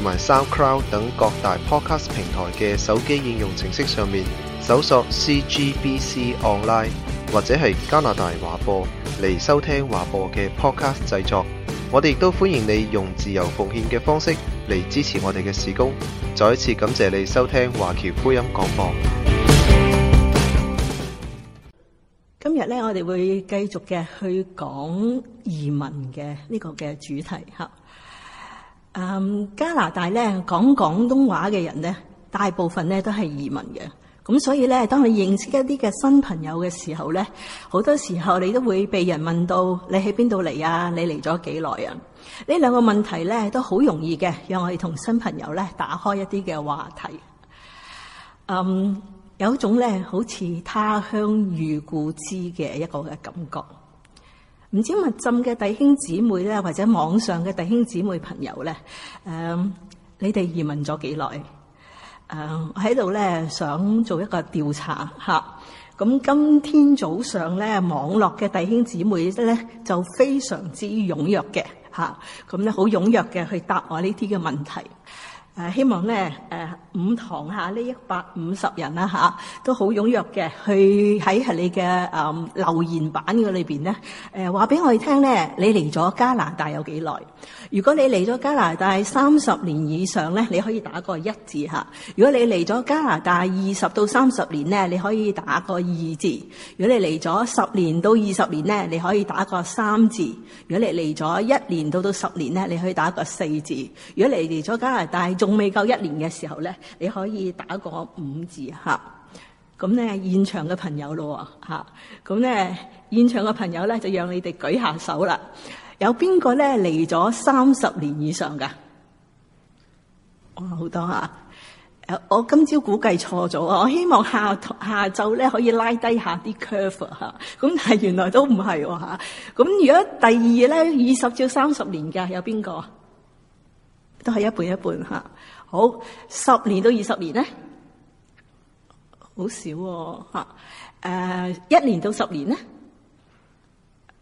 同埋 SoundCloud 等各大 Podcast 平台嘅手機應用程式上面搜索 CGBC Online 或者係加拿大華播嚟收聽華播嘅 Podcast 製作。我哋亦都歡迎你用自由奉獻嘅方式嚟支持我哋嘅事工。再一次感謝你收聽華僑福音廣播。今日咧，我哋會繼續嘅去講移民嘅呢個嘅主題吓。嗯，加拿大咧講廣東話嘅人咧，大部分咧都係移民嘅，咁所以咧，當你認識一啲嘅新朋友嘅時候咧，好多時候你都會被人問到你喺邊度嚟啊，你嚟咗幾耐啊？呢兩個問題咧都好容易嘅，讓我哋同新朋友咧打開一啲嘅話題。嗯，有一種咧好似他鄉遇故知嘅一個嘅感覺。唔知麥浸嘅弟兄姊妹咧，或者網上嘅弟兄姊妹朋友咧，誒，你哋移民咗幾耐？誒，喺度咧想做一個調查吓，咁今天早上咧網絡嘅弟兄姊妹咧就非常之踴躍嘅吓，咁咧好踴躍嘅去答我呢啲嘅問題。啊、希望咧、啊、五堂下呢一百五十人啦、啊、吓、啊、都好踊躍嘅，去喺係你嘅、嗯、留言版嘅裏邊咧，誒話俾我哋聽咧，你嚟咗加拿大有幾耐？如果你嚟咗加拿大三十年以上咧，你可以打個一字嚇；如果你嚟咗加拿大二十到三十年咧，你可以打個二字；如果你嚟咗十年到二十年咧，你可以打個三字；如果你嚟咗一年到到十年咧，你可以打個四字；如果你嚟咗加拿大仲未夠一年嘅時候咧，你可以打個五字嚇。咁咧現場嘅朋友咯喎嚇，咁咧現場嘅朋友咧就讓你哋舉下手啦。有邊個咧嚟咗三十年以上噶？哇、哦，好多吓！誒，我今朝估計錯咗，我希望下下晝咧可以拉低下啲 curve 吓。咁但係原來都唔係喎吓。咁如果第二咧二十至三十年㗎，有邊個？都係一半一半吓。好，十年到二十年咧，好少喎吓。誒，一年到十年咧，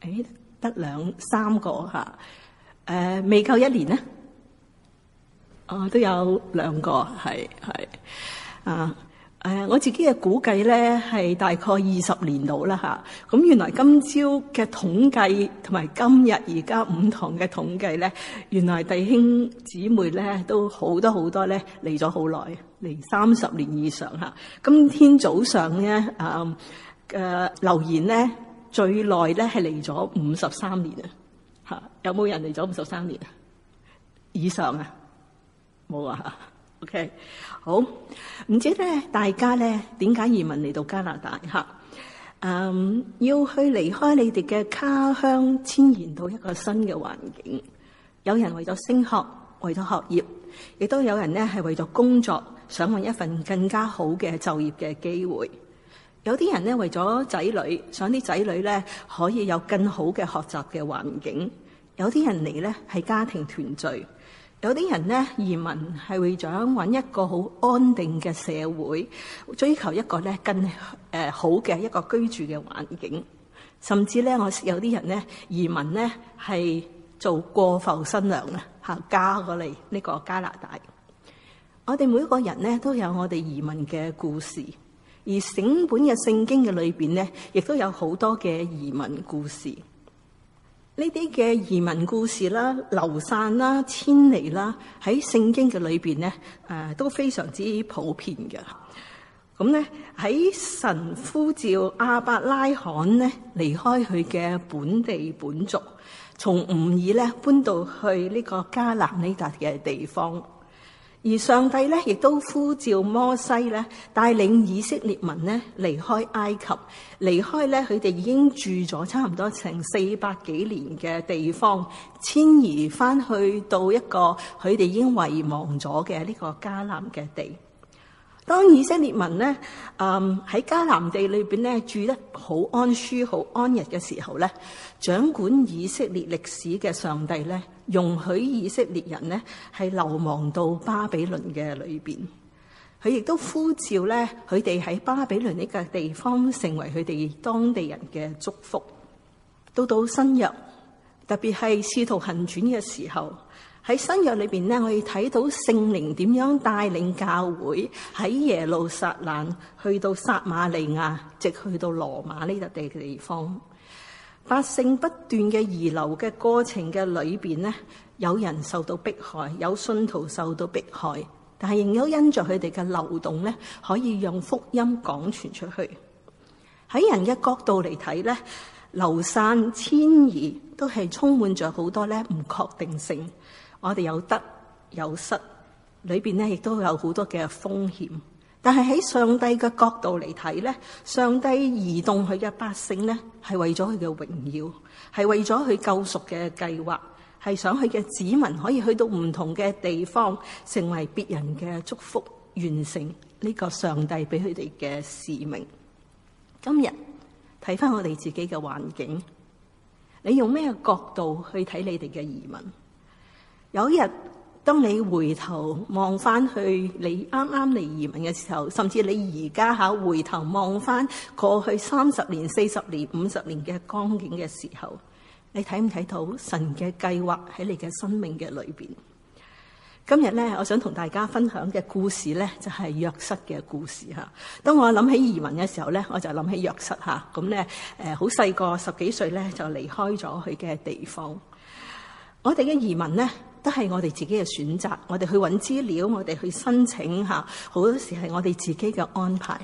誒、哎。一兩三個吓，誒，未夠一年咧？啊，都有兩個係係啊。誒，我自己嘅估計咧係大概二十年度啦吓。咁原來今朝嘅統計同埋今日而家五堂嘅統計咧，原來弟兄姊妹咧都好多好多咧，嚟咗好耐，嚟三十年以上吓。今天早上咧，誒留言咧。最耐咧係嚟咗五十三年啊，吓，有冇人嚟咗五十三年啊？以上啊？冇啊，OK，好，唔知咧，大家咧點解移民嚟到加拿大吓？嗯，要去離開你哋嘅家鄉，遷延到一個新嘅環境。有人為咗升學，為咗學業，亦都有人咧係為咗工作，想揾一份更加好嘅就業嘅機會。有啲人咧為咗仔女，想啲仔女咧可以有更好嘅學習嘅環境；有啲人嚟咧係家庭團聚；有啲人咧移民係為咗揾一個好安定嘅社會，追求一個咧更誒好嘅一個居住嘅環境。甚至咧，我有啲人咧移民咧係做過埠新娘啦，吓嫁過嚟呢個加拿大。我哋每個人咧都有我哋移民嘅故事。而整本嘅聖經嘅裏邊咧，亦都有好多嘅移民故事。呢啲嘅移民故事啦、流散啦、遷嚟啦，喺聖經嘅裏邊咧，誒都非常之普遍嘅。咁咧喺神呼召亞伯拉罕咧離開佢嘅本地本族，從吾爾咧搬到去呢個加拿尼達嘅地方。而上帝咧，亦都呼召摩西咧，帶領以色列民呢離開埃及，離開咧，佢哋已經住咗差唔多成四百幾年嘅地方，遷移翻去到一個佢哋已經遺忘咗嘅呢個迦南嘅地。當以色列民呢，嗯，喺迦南地裏邊咧，住得好安舒、好安逸嘅時候咧，掌管以色列歷史嘅上帝咧，容許以色列人呢係流亡到巴比倫嘅裏邊，佢亦都呼召咧佢哋喺巴比倫呢個地方成為佢哋當地人嘅祝福。到到新約，特別係使徒行傳嘅時候，喺新約裏邊呢，我哋睇到聖靈點樣帶領教會喺耶路撒冷去到撒瑪利亞，直去到羅馬呢笪地嘅地方。百姓不斷嘅移流嘅過程嘅裏面，呢有人受到迫害，有信徒受到迫害，但係仍然因着佢哋嘅流動，呢可以用福音講傳出去。喺人嘅角度嚟睇呢，流散遷移都係充滿著好多咧唔確定性。我哋有得有失，裏面呢亦都有好多嘅風險。但係喺上帝嘅角度嚟睇咧，上帝移動佢嘅百姓咧，係為咗佢嘅榮耀，係為咗佢救贖嘅計劃，係想佢嘅子民可以去到唔同嘅地方，成為別人嘅祝福，完成呢個上帝俾佢哋嘅使命。今日睇返我哋自己嘅環境，你用咩角度去睇你哋嘅移民？有一日，當你回頭望翻去你啱啱嚟移民嘅時候，甚至你而家吓回頭望翻過去三十年、四十年、五十年嘅光景嘅時候，你睇唔睇到神嘅計劃喺你嘅生命嘅裏邊？今日咧，我想同大家分享嘅故事咧，就係約瑟嘅故事吓。當我諗起移民嘅時候咧，我就諗起約瑟吓。咁咧，誒，好細個十幾歲咧，就離開咗佢嘅地方。我哋嘅移民咧，都係我哋自己嘅選擇，我哋去揾資料，我哋去申請吓，好多時係我哋自己嘅安排。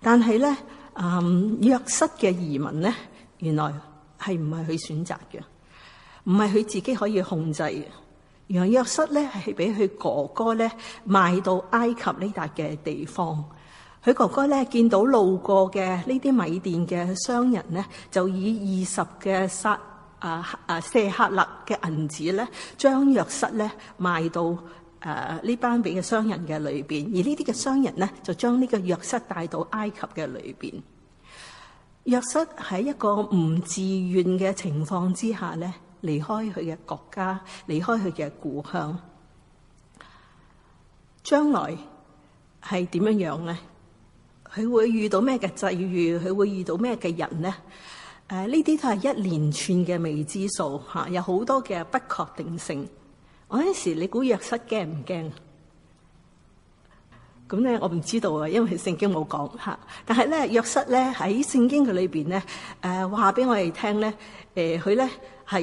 但係咧，嗯，約瑟嘅移民咧，原來係唔係佢選擇嘅，唔係佢自己可以控制嘅。原來約瑟咧係俾佢哥哥咧賣到埃及呢笪嘅地方。佢哥哥咧見到路過嘅呢啲米甸嘅商人咧，就以二十嘅殺。啊！啊！舍客勒嘅銀子咧，將約瑟咧賣到誒呢、啊、班畀嘅商人嘅裏邊，而呢啲嘅商人咧，就將呢個約瑟帶到埃及嘅裏邊。約瑟喺一個唔自願嘅情況之下咧，離開佢嘅國家，離開佢嘅故鄉。將來係點樣樣咧？佢會遇到咩嘅際遇？佢會遇到咩嘅人咧？誒呢啲都係一連串嘅未知數、啊、有好多嘅不確定性。我嗰陣時你弱怕怕，你估約瑟驚唔驚？咁咧，我唔知道啊，因為聖經冇講嚇。但係咧，約瑟咧喺聖經佢裏面咧，誒話俾我哋聽咧，佢咧係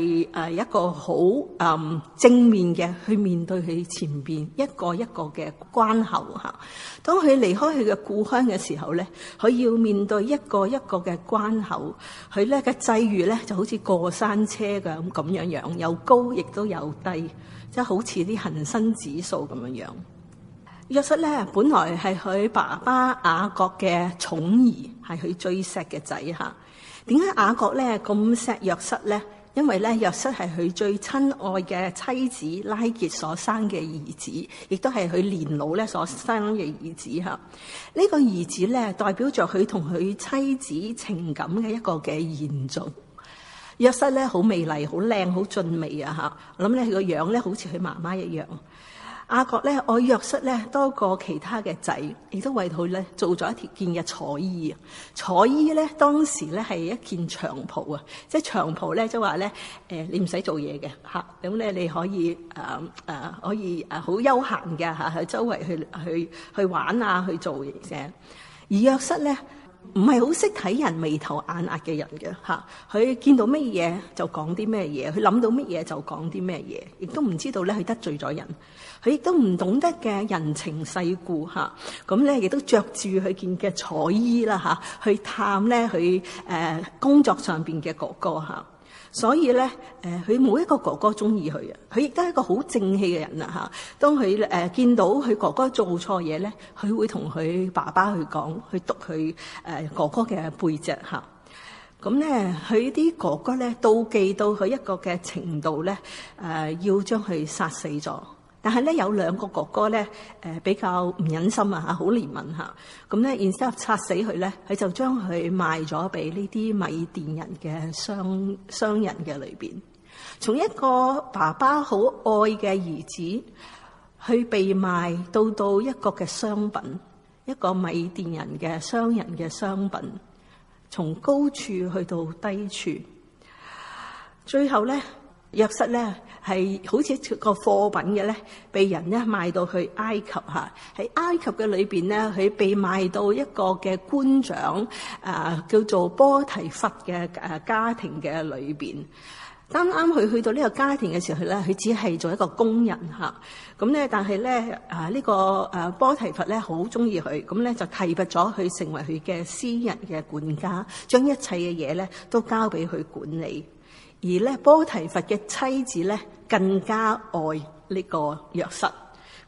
一個好誒、嗯、正面嘅去面對佢前面一個一個嘅關口嚇。當佢離開佢嘅故鄉嘅時候咧，佢要面對一個一個嘅關口，佢咧嘅際遇咧就好似過山車咁咁樣樣，有高亦都有低，即係好似啲恒生指數咁樣樣。約室咧，本來係佢爸爸雅各嘅寵兒，係佢最錫嘅仔吓。點解雅各咧咁錫約室咧？因為咧約室係佢最親愛嘅妻子拉結所生嘅兒子，亦都係佢年老咧所生嘅兒子吓。呢、這個兒子咧，代表着佢同佢妻子情感嘅一個嘅延續。約室咧，好美麗，好靚，好俊美啊吓！我諗咧佢個樣咧，好似佢媽媽一樣。雅各咧，愛約瑟咧多過其他嘅仔，亦都為佢咧做咗一條件嘅彩衣啊！彩衣咧，當時咧係一件長袍，長袍、呃、啊，即係長袍咧，即係話咧，你唔使做嘢嘅吓咁咧，你可以誒、啊啊、可以誒好休閒嘅喺、啊、周圍去去去玩啊，去做嘢嘅。而約瑟咧。唔係好識睇人眉頭眼額嘅人嘅吓，佢見到乜嘢就講啲乜嘢，佢諗到乜嘢就講啲乜嘢，亦都唔知道咧佢得罪咗人，佢亦都唔懂得嘅人情世故吓，咁咧亦都着住佢件嘅彩衣啦吓，去探咧佢誒工作上邊嘅哥哥吓。所以咧，誒、呃、佢冇一個哥哥中意佢啊！佢亦都係一個好正氣嘅人啦嚇。當佢誒、呃、見到佢哥哥做錯嘢咧，佢會同佢爸爸去講，去督佢誒哥哥嘅背脊嚇。咁、啊、咧，佢啲哥哥咧妒忌到佢一個嘅程度咧，誒、呃、要將佢殺死咗。但係咧有兩個哥哥咧，誒、呃、比較唔忍心啊，吓好憐憫吓，咁咧 instead of 殺死佢咧，佢就將佢賣咗俾呢啲米甸人嘅商商人嘅裏邊，從一個爸爸好愛嘅兒子，去被賣到到一個嘅商品，一個米甸人嘅商人嘅商品，從高處去到低處，最後咧。約瑟咧係好似一個貨品嘅咧，被人咧賣到去埃及嚇。喺埃及嘅裏邊咧，佢被賣到一個嘅官長啊，叫做波提乏嘅誒家庭嘅裏邊。啱啱佢去到呢個家庭嘅時候呢，佢咧佢只係做一個工人嚇。咁、啊、咧，但係咧啊呢、呢個誒波提乏咧好中意佢，咁咧就提拔咗佢成為佢嘅私人嘅管家，將一切嘅嘢咧都交俾佢管理。而咧波提佛嘅妻子咧更加愛呢個約瑟。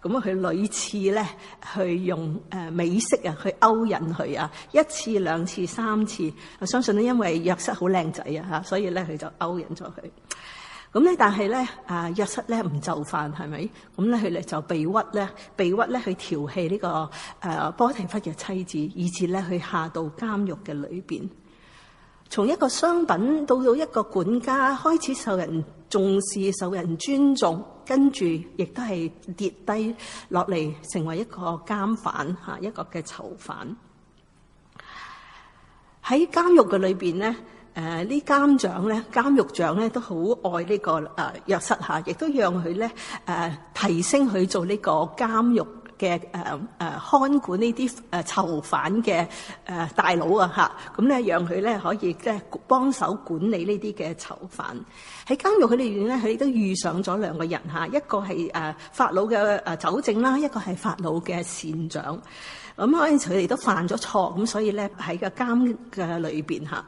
咁啊佢屢次咧去用美食啊去勾引佢啊，一次兩次三次，我相信咧因為約瑟好靚仔啊，所以咧佢就勾引咗佢。咁咧但係咧啊約瑟呢咧唔就範係咪？咁咧佢咧就被屈咧被屈咧去調戲呢個波提佛嘅妻子，以致咧去下到監獄嘅裏面。從一個商品到到一個管家，開始受人重視、受人尊重，跟住亦都係跌低落嚟成為一個監犯吓，一個嘅囚犯。嘅誒誒看管呢啲誒囚犯嘅誒大佬啊嚇，咁、啊、咧讓佢咧可以咧幫手管理呢啲嘅囚犯。喺監獄佢哋咧，佢哋都遇上咗兩個人嚇、啊，一個係誒、啊、法老嘅誒酒政啦，一個係法老嘅膳長。咁、啊、所以佢哋都犯咗錯，咁所以咧喺個監嘅裏邊嚇。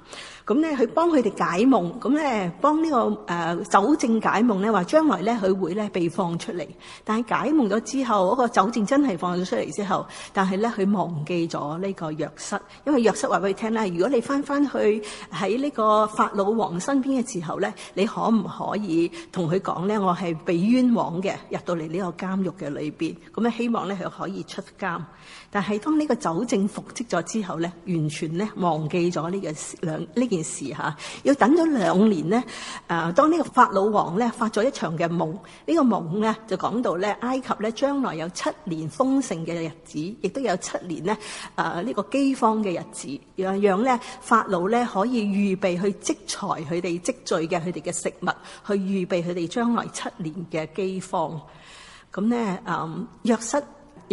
咁咧，佢幫佢哋解夢，咁咧幫呢、這個誒、呃、酒政解夢咧，話將來咧佢會咧被放出嚟。但係解夢咗之後，嗰、那個酒政真係放咗出嚟之後，但係咧佢忘記咗呢個約瑟，因為約瑟話俾佢聽咧，如果你返返去喺呢個法老王身邊嘅時候咧，你可唔可以同佢講咧，我係被冤枉嘅，入到嚟呢個監獄嘅裏面。」咁咧希望咧佢可以出監。但係當呢個酒政復職咗之後咧，完全咧忘記咗呢、這個兩呢件。事吓，要等咗兩年呢。誒，當呢個法老王咧發咗一場嘅夢，呢、呢個夢咧就講到咧埃及咧將來有七年豐盛嘅日子，亦都有七年咧誒呢個饑荒嘅日子，讓讓咧法老咧可以預備去積財，佢哋積聚嘅佢哋嘅食物，去預備佢哋將來七年嘅饑荒。咁咧誒約瑟。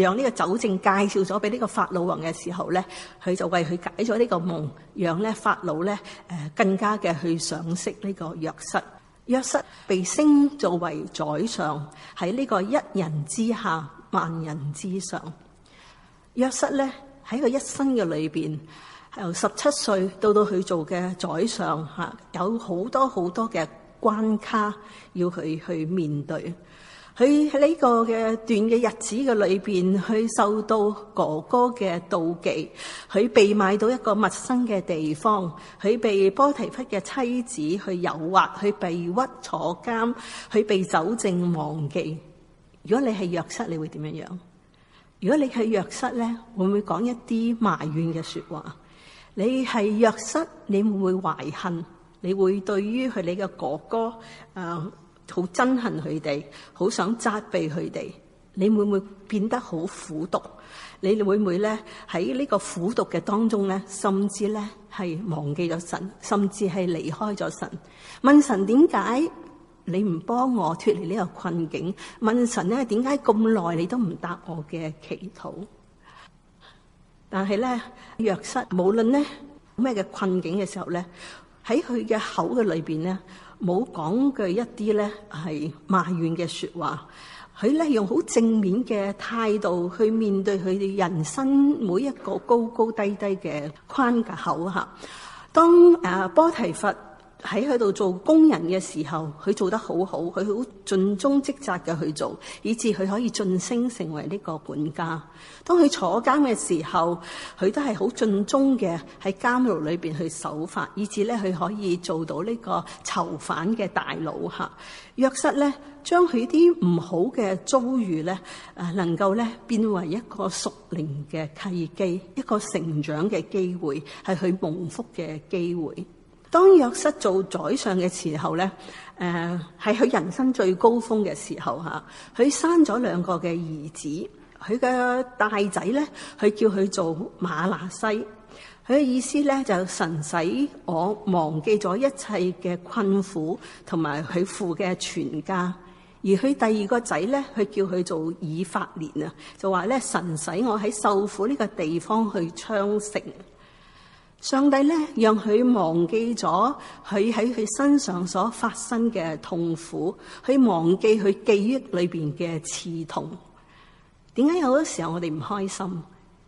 讓呢個約瑟介紹咗俾呢個法老王嘅時候咧，佢就為佢解咗呢個夢，讓咧法老咧誒更加嘅去賞識呢個約瑟。約瑟被升做為宰相，喺呢個一人之下萬人之上。約瑟咧喺佢一生嘅裏邊，由十七歲到到佢做嘅宰相吓，有好多好多嘅關卡要佢去面對。佢喺呢個嘅段嘅日子嘅裏邊，佢受到哥哥嘅妒忌，佢被賣到一個陌生嘅地方，佢被波提乏嘅妻子去誘惑，佢被屈坐監，佢被，被酒政忘記。如果你係約瑟，你會點樣樣？如果你係約瑟，咧，會唔會講一啲埋怨嘅說話？你係約瑟，你會唔會懷恨？你會對於佢你嘅哥哥、呃好憎恨佢哋，好想責備佢哋。你會唔會變得好苦毒？你會唔會咧喺呢個苦毒嘅當中咧，甚至咧係忘記咗神，甚至係離開咗神？問神點解你唔幫我脫離呢個困境？問神咧點解咁耐你都唔答我嘅祈禱？但係咧，約瑟無論咧咩嘅困境嘅時候咧，喺佢嘅口嘅裏邊咧。冇講句一啲咧係埋怨嘅説話，佢咧用好正面嘅態度去面對佢哋人生每一個高高低低嘅關口吓。當誒波提乏。喺佢度做工人嘅時候，佢做得好好，佢好盡忠職責嘅去做，以致佢可以晉升成為呢個管家。當佢坐監嘅時候，佢都係好盡忠嘅，喺監獄裏邊去守法，以致咧佢可以做到呢個囚犯嘅大佬吓。約瑟咧，將佢啲唔好嘅遭遇咧，誒，能夠咧變為一個屬靈嘅契機，一個成長嘅機會，係佢蒙福嘅機會。當約瑟做宰相嘅時候咧，誒係佢人生最高峰嘅時候嚇，佢生咗兩個嘅兒子，佢嘅大仔咧，佢叫佢做瑪拿西，佢嘅意思咧就神使我忘記咗一切嘅困苦同埋佢父嘅全家；而佢第二個仔咧，佢叫佢做以法蓮啊，就話咧神使我喺受苦呢個地方去昌盛。上帝咧，讓佢忘記咗佢喺佢身上所發生嘅痛苦，佢忘記佢記憶裏邊嘅刺痛。點解有好多時候我哋唔開心？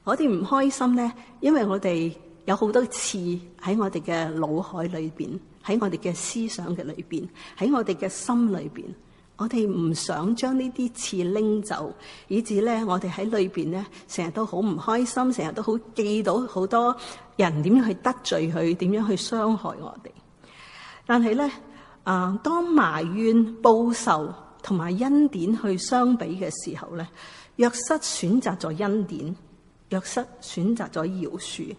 我哋唔開心咧，因為我哋有好多刺喺我哋嘅腦海裏邊，喺我哋嘅思想嘅裏邊，喺我哋嘅心裏邊。我哋唔想將呢啲刺拎走，以至咧我哋喺裏邊咧成日都好唔開心，成日都好記到好多人點樣去得罪佢，點樣去傷害我哋。但係咧，啊，當埋怨報仇同埋恩典去相比嘅時候咧，若是選擇咗恩典，若是選擇咗饒恕。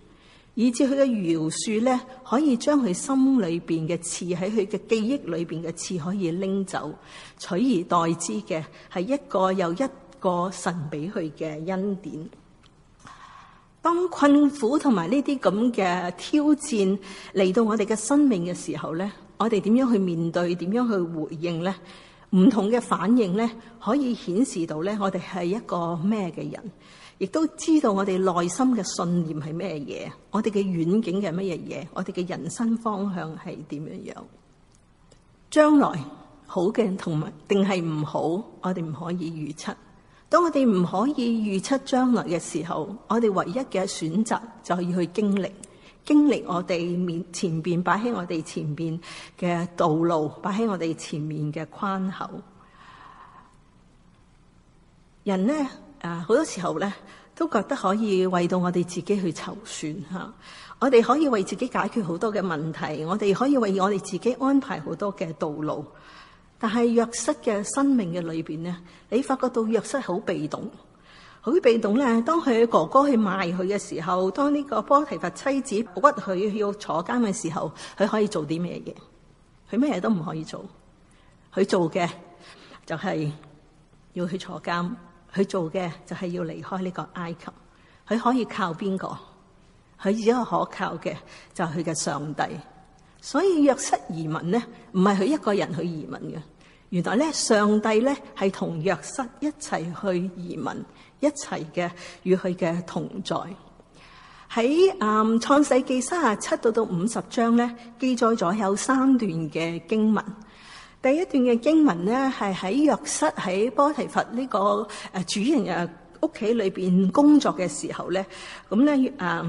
以至佢嘅描述咧，可以將佢心裏邊嘅刺喺佢嘅記憶裏邊嘅刺可以拎走，取而代之嘅係一個又一個神俾佢嘅恩典。當困苦同埋呢啲咁嘅挑戰嚟到我哋嘅生命嘅時候咧，我哋點樣去面對？點樣去回應咧？唔同嘅反應咧，可以顯示到咧，我哋係一個咩嘅人？亦都知道我哋內心嘅信念係咩嘢，我哋嘅遠景係乜嘢嘢，我哋嘅人生方向係點樣樣？將來好嘅同埋定係唔好，我哋唔可以預測。當我哋唔可以預測將來嘅時候，我哋唯一嘅選擇就係要去經歷，經歷我哋面前邊擺喺我哋前邊嘅道路，擺喺我哋前面嘅關口。人呢？啊！好多時候咧，都覺得可以為到我哋自己去籌算吓。我哋可以為自己解決好多嘅問題，我哋可以為我哋自己安排好多嘅道路。但係約瑟嘅生命嘅裏面咧，你發覺到約瑟好被動，好被動咧。當佢哥哥去賣佢嘅時候，當呢個波提佛妻子屈佢要坐監嘅時候，佢可以做啲咩嘢？佢咩都唔可以做。佢做嘅就係要去坐監。佢做嘅就係要離開呢個埃及，佢可以靠邊個？佢只有可靠嘅就係佢嘅上帝。所以約瑟移民咧，唔係佢一個人去移民嘅。原來咧，上帝咧係同約瑟一齊去移民，一齊嘅與佢嘅同在。喺、嗯《創創世記》三十七到到五十章咧，記載咗有三段嘅經文。第一段嘅經文呢係喺約瑟喺波提佛這個主人嘅屋企裏面工作的時候呢，咁呢，呃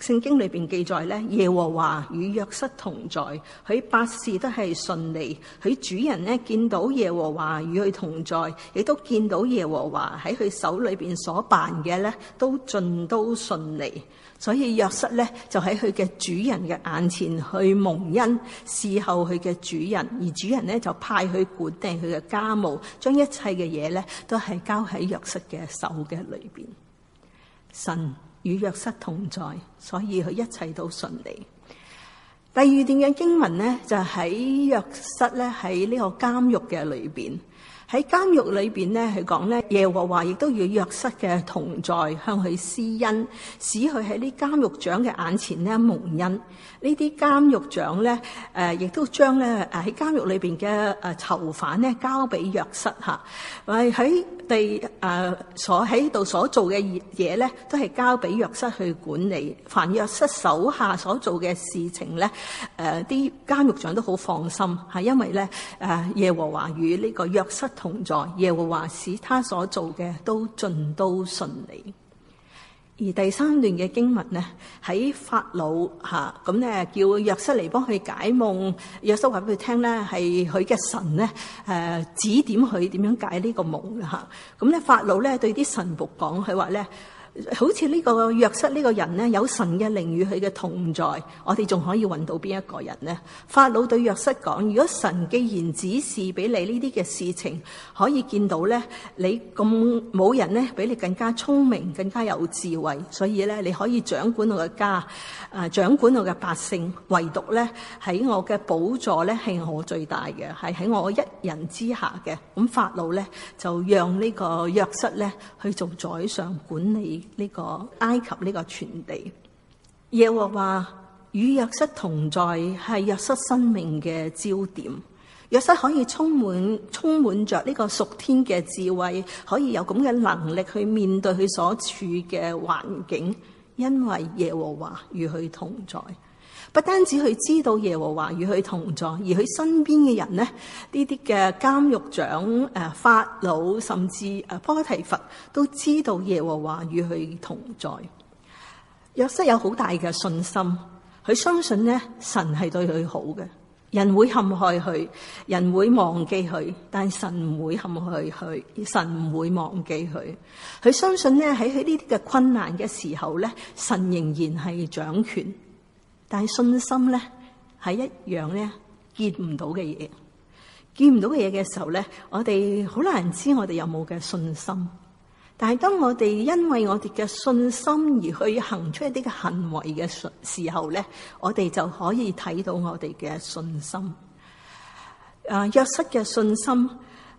聖經裏邊記載咧，耶和華與約瑟同在，佢百事都係順利。佢主人咧見到耶和華與佢同在，亦都見到耶和華喺佢手裏邊所辦嘅咧都盡都順利。所以約瑟咧就喺佢嘅主人嘅眼前去蒙恩，侍候佢嘅主人，而主人呢，就派佢管定佢嘅家務，將一切嘅嘢咧都係交喺約瑟嘅手嘅裏邊。神與約瑟同在，所以佢一切都順利。第二段的經文呢，就喺、是、約瑟呢，呢喺呢個監獄嘅裏面。喺監獄裏面咧，佢講咧，耶和華亦都以約瑟嘅同在向佢施恩，使佢喺呢監獄長嘅眼前咧蒙恩。呢啲監獄長咧，亦、呃、都將咧喺監獄裏面嘅誒囚犯咧交俾約瑟。嚇，喺地誒所喺度所做嘅嘢咧，都係交俾約瑟去管理。凡約瑟手下所做嘅事情咧，誒、呃、啲監獄長都好放心，因為咧、啊、耶和華與呢個約瑟。同在，耶和華使他所做嘅都盡都順利。而第三段嘅經文呢，喺法老吓咁呢叫約瑟嚟幫佢解夢，約瑟話俾佢聽咧係佢嘅神呢誒指點佢點樣解呢個夢啦吓。咁呢法老呢對啲臣僕講佢話咧。好似呢個約瑟呢個人咧，有神嘅靈與佢嘅同在，我哋仲可以揾到邊一個人咧？法老對約瑟講，如果神既然指示俾你呢啲嘅事情可以見到咧，你咁冇人咧比你更加聰明、更加有智慧，所以咧你可以掌管我嘅家誒，掌管我嘅百姓，唯獨咧喺我嘅寶座咧係我最大嘅，係喺我一人之下嘅。咁法老咧就讓呢個約瑟咧去做宰相管理，呢、這個埃及呢個全地，耶和華與約瑟同在，係約瑟生命嘅焦點。約瑟可以充滿充滿着呢個屬天嘅智慧，可以有咁嘅能力去面對佢所處嘅環境，因為耶和華與佢同在。不單止佢知道耶和華與佢同在，而佢身邊嘅人咧，呢啲嘅監獄長、誒法老，甚至誒波提乏都知道耶和華與佢同在。約瑟有好大嘅信心，佢相信咧神係對佢好嘅。人會陷害佢，人會忘記佢，但係神唔會陷害佢，神唔會忘記佢。佢相信咧喺佢呢啲嘅困難嘅時候咧，神仍然係掌權。但係信心咧，係一樣咧見唔到嘅嘢，見唔到嘅嘢嘅時候咧，我哋好難知我哋有冇嘅信心。但係當我哋因為我哋嘅信心而去行出一啲嘅行為嘅時候咧，我哋就可以睇到我哋嘅信心。啊，約瑟嘅信心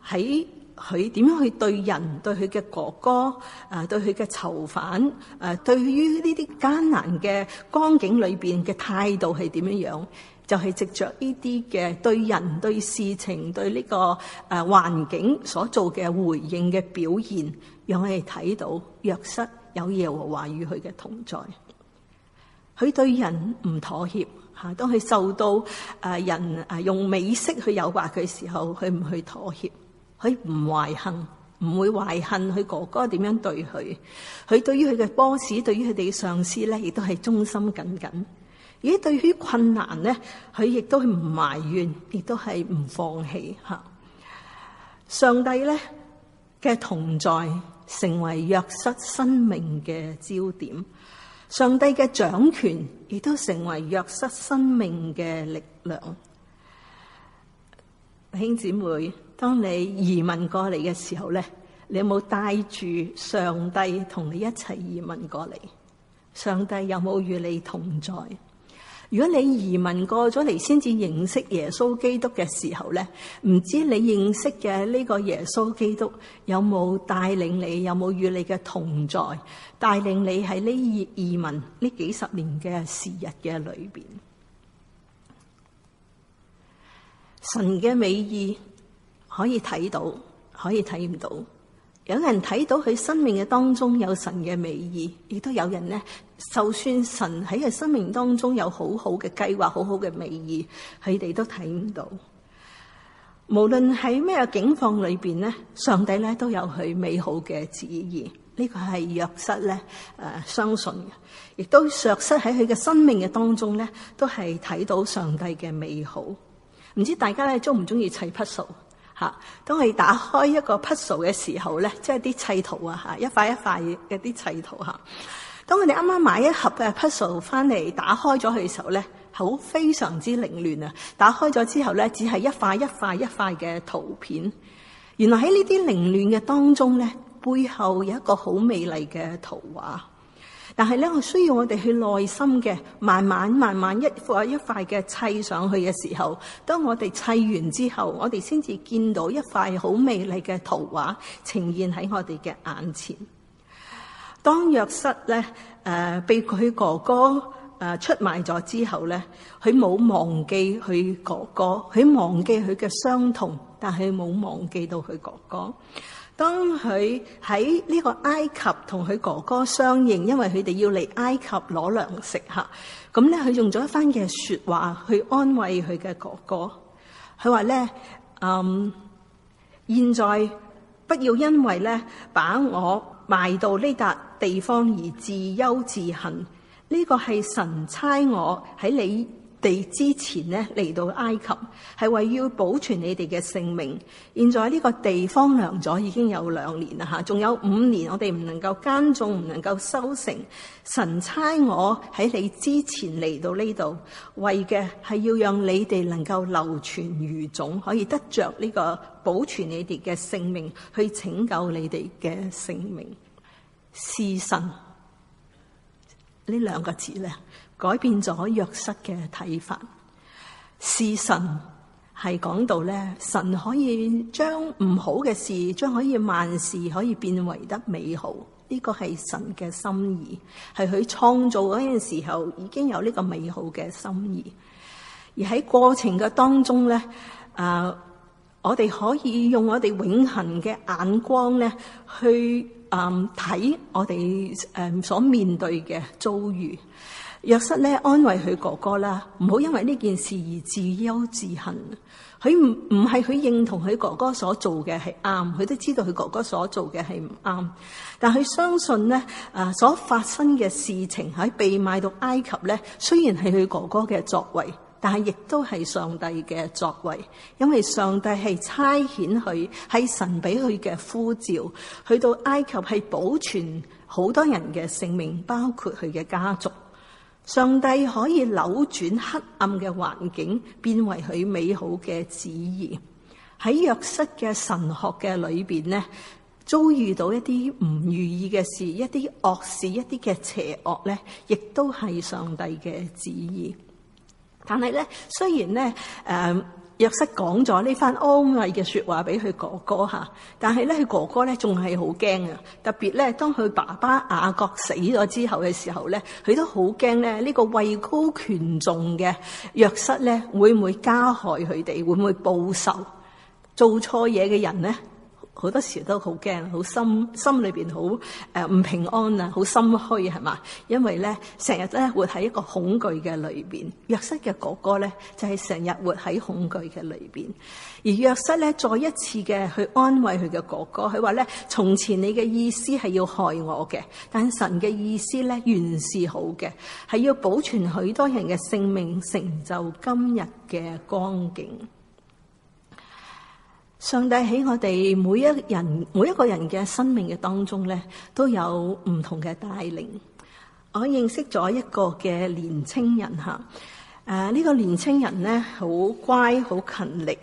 喺。佢點樣去對人，對佢嘅哥哥啊，對佢嘅囚犯啊，對於呢啲艱難嘅光景裏邊嘅態度係點樣樣？就係、是、藉着呢啲嘅對人對事情對呢個誒環境所做嘅回應嘅表現，讓我哋睇到約瑟有耶和華與佢嘅同在。佢對人唔妥協吓，當佢受到誒人誒用美色去誘惑佢嘅時候，佢唔去妥協。佢唔懷恨，唔會懷恨佢哥哥點樣對佢。佢對於佢嘅 boss，對於佢哋嘅上司咧，亦都係忠心耿耿。而對於困難咧，佢亦都唔埋怨，亦都係唔放棄吓。上帝咧嘅同在，成為約瑟生命嘅焦點；上帝嘅掌權，亦都成為約瑟生命嘅力量。兄弟姊妹，當你移民過嚟嘅時候咧，你有冇帶住上帝同你一齊移民過嚟？上帝有冇與你同在？如果你移民過咗嚟先至認識耶穌基督嘅時候咧，唔知你認識嘅呢個耶穌基督有冇帶領你，有冇與你嘅同在？帶領你喺呢移民呢幾十年嘅時日嘅裏邊，神嘅美意。可以睇到，可以睇唔到，有人睇到佢生命嘅當中有神嘅美意，亦都有人呢，就算神喺佢生命當中有好好嘅計劃、好好嘅美意，佢哋都睇唔到。無論喺咩境況裏邊呢，上帝呢都有佢美好嘅旨意。呢、呢個係約瑟呢，誒，相信嘅，亦都約瑟喺佢嘅生命嘅當中呢，都係睇到上帝嘅美好。唔知大家咧鍾唔鍾意砌匹數？嚇！當你打開一個 puzzle 嘅時候咧，即係啲砌圖啊嚇，一塊一塊嘅啲砌圖嚇。當我哋啱啱買一盒嘅 puzzle 翻嚟，打開咗佢嘅時候咧，好非常之凌亂啊！打開咗之後咧，只係一塊一塊一塊嘅圖片。原來喺呢啲凌亂嘅當中咧，背後有一個好美麗嘅圖畫。但係咧，我需要我哋去耐心嘅，慢慢慢慢一塊一塊一塊嘅砌上去嘅時候，當我哋砌完之後，我哋先至見到一塊好美麗嘅圖畫呈現喺我哋嘅眼前。當約瑟咧，誒，被佢哥哥誒出賣咗之後咧，佢冇忘記佢哥哥，佢忘記佢嘅傷痛，但係冇忘記到佢哥哥。當佢喺呢個埃及同佢哥哥相認，因為佢哋要嚟埃及攞糧食嚇，咁咧佢用咗一番嘅説話去安慰佢嘅哥哥，佢話咧，嗯，現在不要因為咧把我賣到呢笪地方而自憂自恨，呢、這個係神差我喺你。地之前咧嚟到埃及，係為要保存你哋嘅性命。現在呢個地方涼咗，已經有兩年啦吓，仲有五年我哋唔能夠耕種，唔能夠收成。神差我喺你之前嚟到呢度，為嘅係要讓你哋能夠流傳餘種，可以得着呢個保存你哋嘅性命，去拯救你哋嘅性命。施神呢兩個字咧。改變咗約瑟嘅睇法，神是神係講到咧，神可以將唔好嘅事，將可以萬事可以變為得美好。呢個係神嘅心意，係佢創造嗰陣時候已經有呢個美好嘅心意。而喺過程嘅當中咧，啊，我哋可以用我哋永恆嘅眼光咧去。嗯，睇我哋誒所面對嘅遭遇，約瑟咧安慰佢哥哥啦，唔好因為呢件事而自憂自恨。佢唔唔係佢認同佢哥哥所做嘅係啱，佢都知道佢哥哥所做嘅係唔啱，但佢相信咧啊所發生嘅事情喺被賣到埃及咧，雖然係佢哥哥嘅作為。但係，亦都係上帝嘅作為，因為上帝係差遣佢，係神俾佢嘅呼召，去到埃及係保存好多人嘅性命，包括佢嘅家族。上帝可以扭轉黑暗嘅環境，變為佢美好嘅旨意。喺約瑟嘅神學嘅裏邊呢，遭遇到一啲唔如意嘅事，一啲惡事，一啲嘅邪惡呢亦都係上帝嘅旨意。但係咧，雖然咧，誒約瑟講咗呢番安慰嘅說話俾佢哥哥嚇，但係咧，佢哥哥咧仲係好驚啊！特別咧，當佢爸爸雅各死咗之後嘅時候咧，佢都好驚咧。呢、這個位高權重嘅約瑟咧，會唔會加害佢哋？會唔會報仇？做錯嘢嘅人咧？好多時都好驚，好心心裏邊好誒唔平安啊，好心虛係嘛？因為咧成日咧活喺一個恐懼嘅裏邊。約瑟嘅哥哥咧就係成日活喺恐懼嘅裏邊，而約瑟咧再一次嘅去安慰佢嘅哥哥，佢話咧從前你嘅意思係要害我嘅，但神嘅意思咧原是好嘅，係要保存許多人嘅性命，成就今日嘅光景。上帝喺我哋每一人每一個人嘅生命嘅當中咧，都有唔同嘅帶領。我認識咗一個嘅年青人吓，誒、啊、呢、呢個年青人咧好乖好勤力，誒、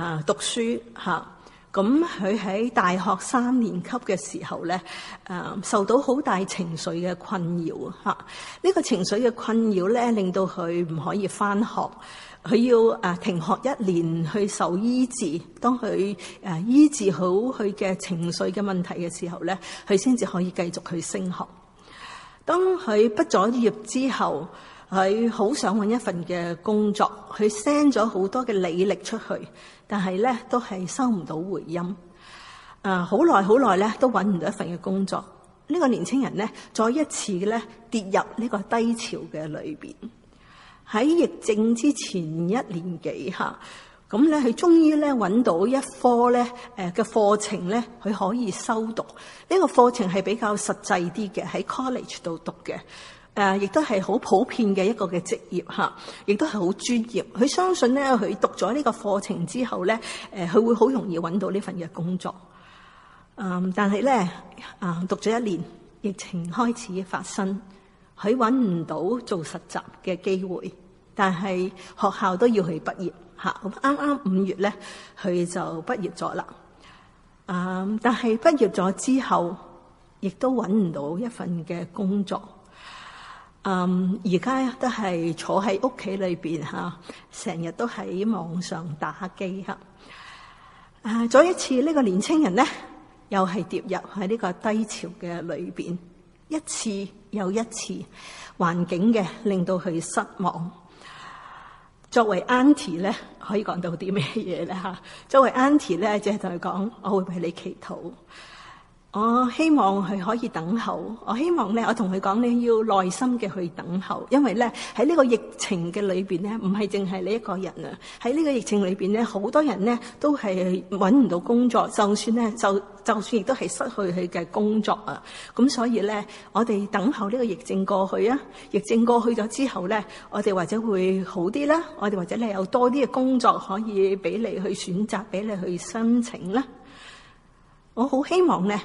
啊、讀書吓。咁佢喺大學三年級嘅時候咧，誒、啊、受到好大情緒嘅困擾吓。呢、啊呢個情緒嘅困擾咧，令到佢唔可以翻學。佢要啊停學一年去受醫治，當佢啊醫治好佢嘅情緒嘅問題嘅時候咧，佢先至可以繼續去升學。當佢畢咗業之後，佢好想搵一份嘅工作，佢 send 咗好多嘅履歷出去，但係咧都係收唔到回音。啊，好耐好耐咧都搵唔到一份嘅工作。呢個年輕人咧，再一次咧跌入呢個低潮嘅裏邊。喺疫症之前一年幾嚇，咁咧佢終於咧揾到一科咧誒嘅課程咧，佢可以修讀。呢個課程係比較實際啲嘅，喺 college 度讀嘅。誒，亦都係好普遍嘅一個嘅職業嚇，亦都係好專業。佢相信咧，佢讀咗呢個課程之後咧，誒，佢會好容易揾到呢份嘅工作。但係咧啊，讀咗一年，疫情開始發生。佢揾唔到做實習嘅機會，但係學校都要去畢業嚇。咁啱啱五月咧，佢就畢業咗啦。啊！但係畢業咗之後，亦都揾唔到一份嘅工作。啊、而家都係坐喺屋企裏邊，啊、成日都喺網上打機嚇。啊！再一次呢、呢個年輕人咧，又係跌入喺呢個低潮嘅裏邊，一次。有一次環境嘅令到佢失望，作為 Auntie 咧，可以講到啲咩嘢咧吓？作為 Auntie 咧，只係同佢講，我會為你祈禱。我希望佢可以等候。我希望咧，我同佢講，你要耐心嘅去等候，因為咧喺呢個疫情嘅裏邊咧，唔係淨係你一個人啊。喺呢個疫情裏邊咧，好多人咧都係揾唔到工作，就算咧就就算亦都係失去佢嘅工作啊。咁所以咧，我哋等候呢個疫症過去啊。疫症過去咗之後咧，我哋或者會好啲啦。我哋或者你有多啲嘅工作可以俾你去選擇，俾你去申請啦。我好希望咧。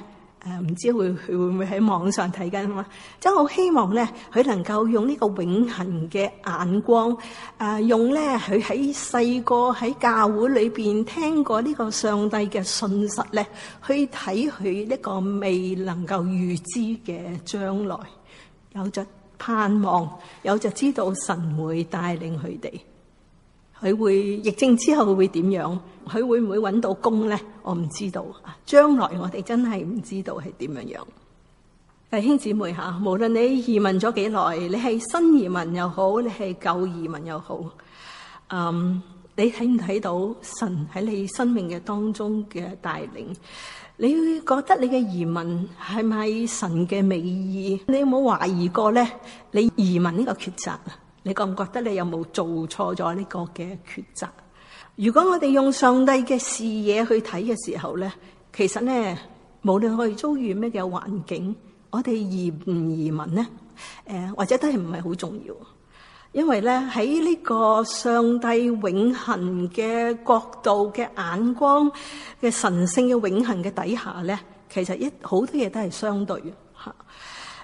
誒，唔知會佢會唔會喺網上睇緊吖嘛？即係我希望咧，佢能夠用呢個永恒嘅眼光，誒，用咧佢喺細個喺教會裏邊聽過呢個上帝嘅信實咧，去睇佢呢個未能夠預知嘅將來，有着盼望，有着知道神會帶領佢哋。佢會疫症之後會點樣？佢會唔會揾到工咧？我唔知道。將來我哋真係唔知道係點樣樣。弟兄姊妹吓，無論你移民咗幾耐，你係新移民又好，你係舊移民又好，嗯，你睇唔睇到神喺你生命嘅當中嘅帶領？你會覺得你嘅移民係咪神嘅美意？你有冇懷疑過咧？你移民呢個抉擇你覺唔覺得你有冇做錯咗呢個嘅抉擇？如果我哋用上帝嘅視野去睇嘅時候咧，其實咧，無論我哋遭遇咩嘅環境，我哋移唔移民咧？誒、呃，或者都係唔係好重要？因為咧喺呢個上帝永恒嘅角度嘅眼光嘅神聖嘅永恒嘅底下咧，其實一好多嘢都係相對嘅吓，誒、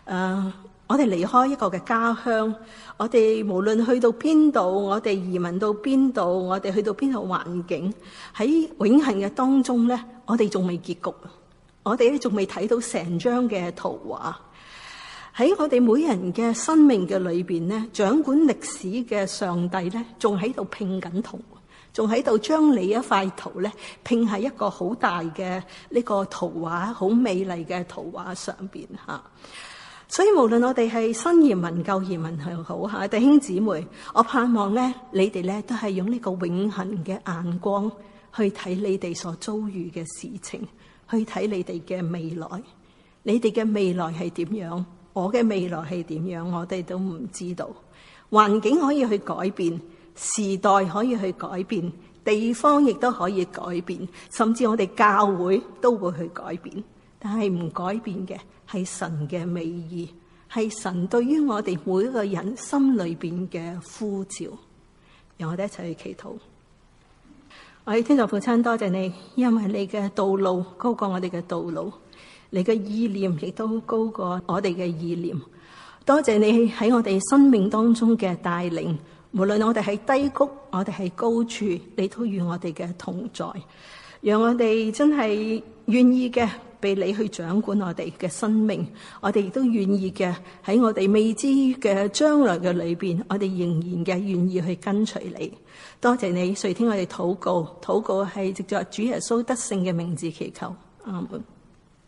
呃。我哋離開一個嘅家鄉，我哋無論去到邊度，我哋移民到邊度，我哋去到邊度環境，喺永恆嘅當中咧，我哋仲未結局，我哋咧仲未睇到成張嘅圖畫。喺我哋每人嘅生命嘅裏邊咧，掌管歷史嘅上帝咧，仲喺度拼緊圖，仲喺度將你一塊圖咧拼喺一個好大嘅呢、這個圖畫，好美麗嘅圖畫上邊吓。所以無論我哋係新移民、舊移民係好弟兄姊妹，我盼望呢你哋呢都係用呢個永恒嘅眼光去睇你哋所遭遇嘅事情，去睇你哋嘅未來。你哋嘅未來係點樣？我嘅未來係點樣？我哋都唔知道。環境可以去改變，時代可以去改變，地方亦都可以改變，甚至我哋教會都會去改變。但係唔改變嘅係神嘅美意，係神對於我哋每一個人心裏邊嘅呼召，讓我哋一齊去祈禱。我喺天上父親，多謝你，因為你嘅道路高過我哋嘅道路，你嘅意念亦都高過我哋嘅意念。多謝你喺我哋生命當中嘅帶領，無論我哋喺低谷，我哋喺高處，你都與我哋嘅同在。讓我哋真係願意嘅。俾你去掌管我哋嘅生命，我哋亦都願意嘅喺我哋未知嘅將來嘅裏邊，我哋仍然嘅願意去跟隨你。多謝你，垂聽我哋禱告，禱告係藉着主耶穌得勝嘅名字祈求，阿門。